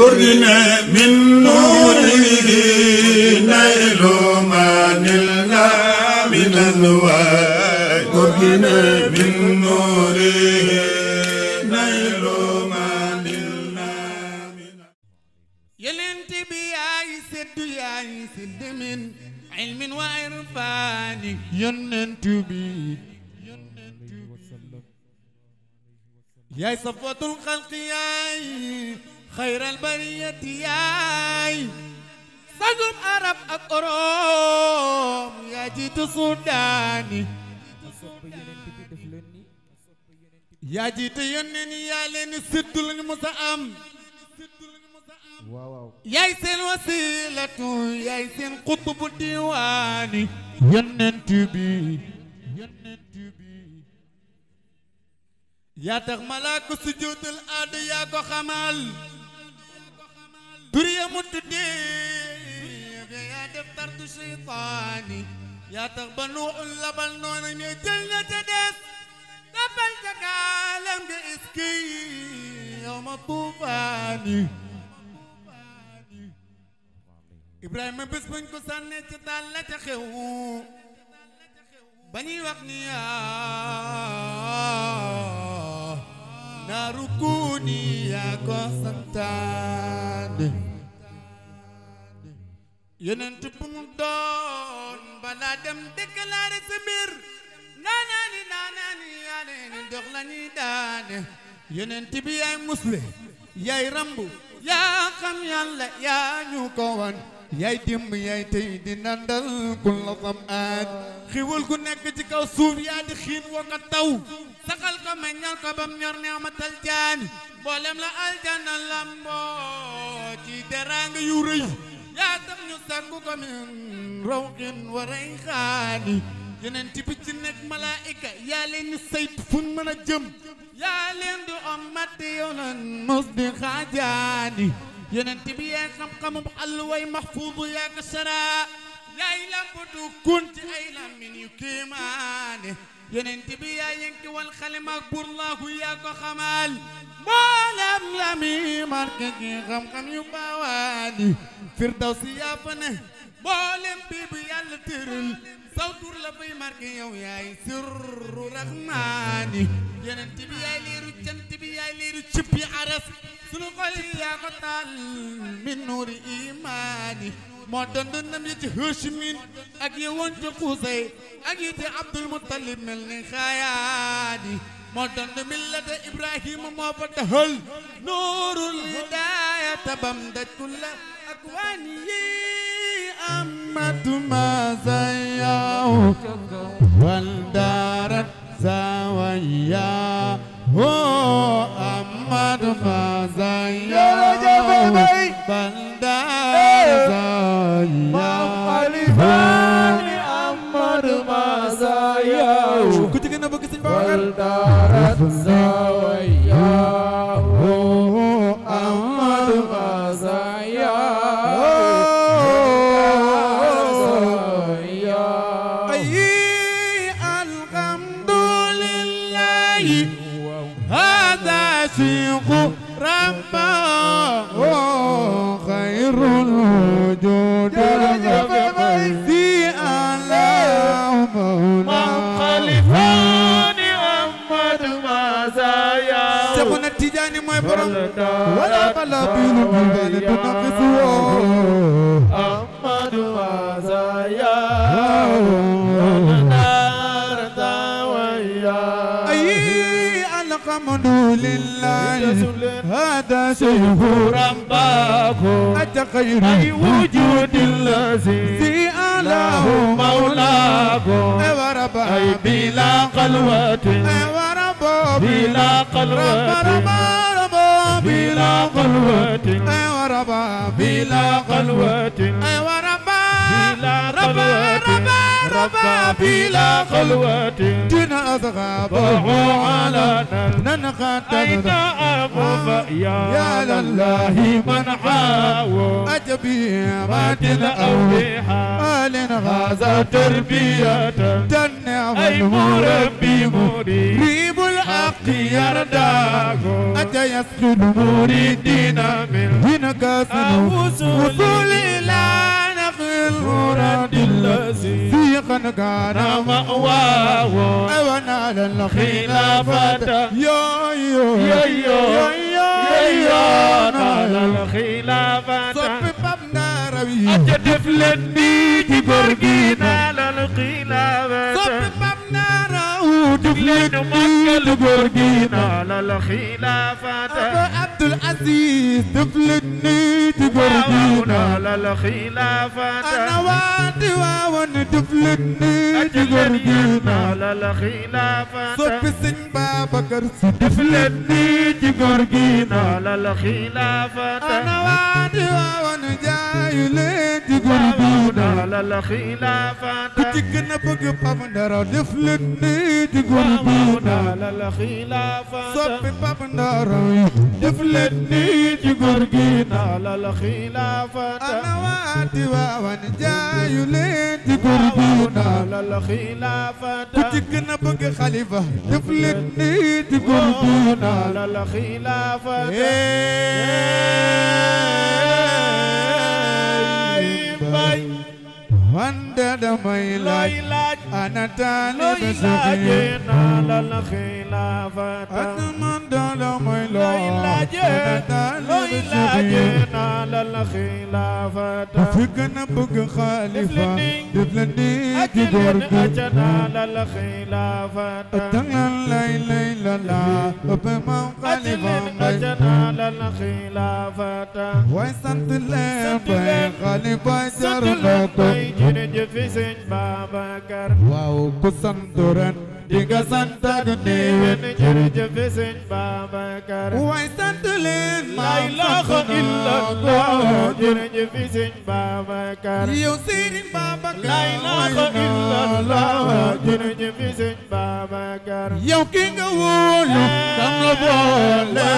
ترجنا من نوره نيل ما نلنا من الوعي ترجنا من نوره نيل ما نلنا يلنت بياي سد ياي سد من علم وعرفان يننت بي يا صفوة الخلق ياي xayral bariyati yaay sagum arab ak orom yaa jiitu sudaani yaa jiitu yónneen yi yaa leen séddu lañu mës a am yaay seen wasilatu yaay seen xutubu diwaani yonent bi yaa tax malaaku sujudul aadu yaa ko xamal duryamu tuddee ba yaa def tardu seytaani yaa tax ba nuuxul labal noonam ya jël na ca des dabal ca gaalam ga iski yow ma tuufaani ibrahima bés bañ ko sànnee ci daal la xew ba ñuy wax ni yaa ko santaane yonent bu mu doon balaa dem déclaré sa mbir naanaani naanaani yaane ni dox la ñuy daane yonent bi yaay musle yaay rambu yaa xam yàlla yaa ñu ko wan dimb yaay tey di nandal ku la xam ku nekk ci kaw suuf yaa di xiin wa ko taw saxal ko meññal ko bam ñor neexmatal jaani mboolem la aljana lamboo ci teraanga yu rëy yaa tax ñu sàngu ko min rawqin wa rayxaani yeneen ti picc nekk malaayika yaa leen di saytu fu ñu mën a jëm yaa leen di ommati yonan mos di xaajaani yeneen ti bi yaa xam-xamu alluway maxfuudu yaa ko saraa yaay lambatu kun ci ay lamin yu kéemaane yeneen ti bi yaa yenki wal xalima ak burlaahu yaa ko xamaal mboolem la mi marke gi xam-xam yu baawaani firdawsi yaa fa ne mboolem bi bu yàlla saw tur la fay marke yow yaay sirru rahmaani yeneen ti bi yaay leeru cant bi yaay leeru cippi aras sunu xol yaa ko taal min nuuri imaani moo dondoon nam yi ci Hashim ak yi woon ci Qusay ak yi ci Abdul Muttalib mel ni xaayaadi moo dondu millata Ibrahima moo fa taxal nuurul hidaaya tabam daj kulla akwaan yi amatu ma zayaw wal daarat zawaya ho amatu ma zayaw ku ci gën a bëgg Sëñ Babacar الوجود رجب مجدي أعلاه مولاه خلفاني أحمد ما زايا سيخنا التجاني ما يبرم ولا قلبي لبيبان تنقصه أحمد ما زايا رسول الله هذا سيف رباكم أنت خير وجود الذي أعلاه مولاكم أي بلا قلوة بلا قلوة بلا قلوة أي وربا بلا قلوة أي وربا بلا قلوة سبا بلا خلوة دون أصحاب على ننقى أين أبو فيا يا لله من حاو أجبيرات الأولياء آل غازة تربية تنع المربي مريب الحق يرداكو أتى يسجد مريدين من هناك سنو وصول الله المراد الذي في قد كان مأواه ونال الخلافة يا يو يا يو يا يو نال الخلافة صف مبنى روي أجدف لني جبرقي نال الخلافة صف مبنى روي جبرقي نال الخلافة أبو عبد الذي دفلتني تقربينا للخلافة أنا وانت وان دفلتني تقربينا للخلافة صف سن بابا كرسي دفلتني ci góor gi na la la xilaafata ana waadi waawan jaayu leen ci góor gi na la la xilaafata ku ci gën a bëgg Pape Ndaro def leen nii ci góor gi na la la xilaafata soppi Pape Ndaro def leen nii ci góor gi na la la xilaafata ana waadi waawan jaayu leen ci góor gi na la la xilaafata ku ci gën a bëgg Khalifa def leen nii ci góor gi na la la خلافة wante damay laaj ana taalib saxiir mooy looy laajee looy laajee naa la la xilaafata. gën a bëgg xalifa. def leen gi. naa la la xilaafata. lay lay la la. xalifa mbay. naa la la xilaafata. waaye bay xalifa jar na ko. jërëjëf sëñ waaw ku sant ren. di nga sant ak néew jërëjëf sëñ Babacar waay sant leen la ilaha illallah jërëjëf sëñ Babacar yow sëriñ Babacar la ilaha illallah jërëjëf sëñ Babacar yow ki nga wóolu kam eh, la boole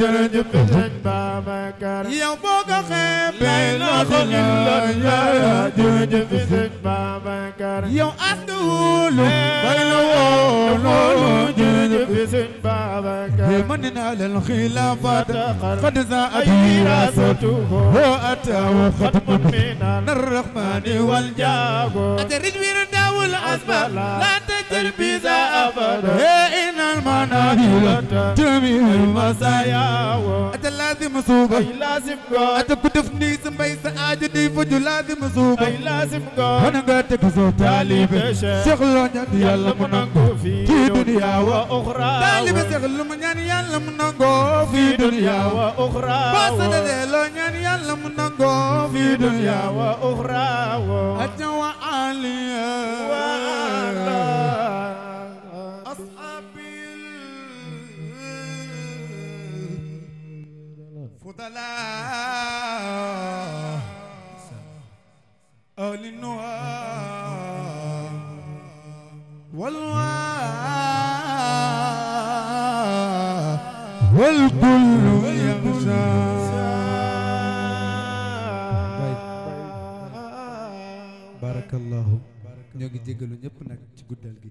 jërëjëf sëñ Babacar yow boo ko xeeb la ilaha illallah jërëjëf sëñ Babacar yow as nga wóolu من على الخلافات قد زاءت وراثته وأتاه ختم من الرحمن والجاب أترج ورداء الأسباب لا تجر بذا أبدا إن المناهل جميع المسايا أتلازم صوبة أتكتفني سمبي سآجدي فجلازم صوبة أنا قاتك صوت تالي بشيخ لونجد يلا منانكو dunya wa ukhra taalibe Seex lu mu ñaan yàlla mu nangoo fi dunya wa ukhra boo sëddee loo ñaan yàlla mu nangoo fi dunya wa ukhra ajja wa aliya wa ala ashaabil fudala ahli nuha والوالد والكل يمسى بارك الله ñoo ngi jégalu ñëpp nag ci guddal gi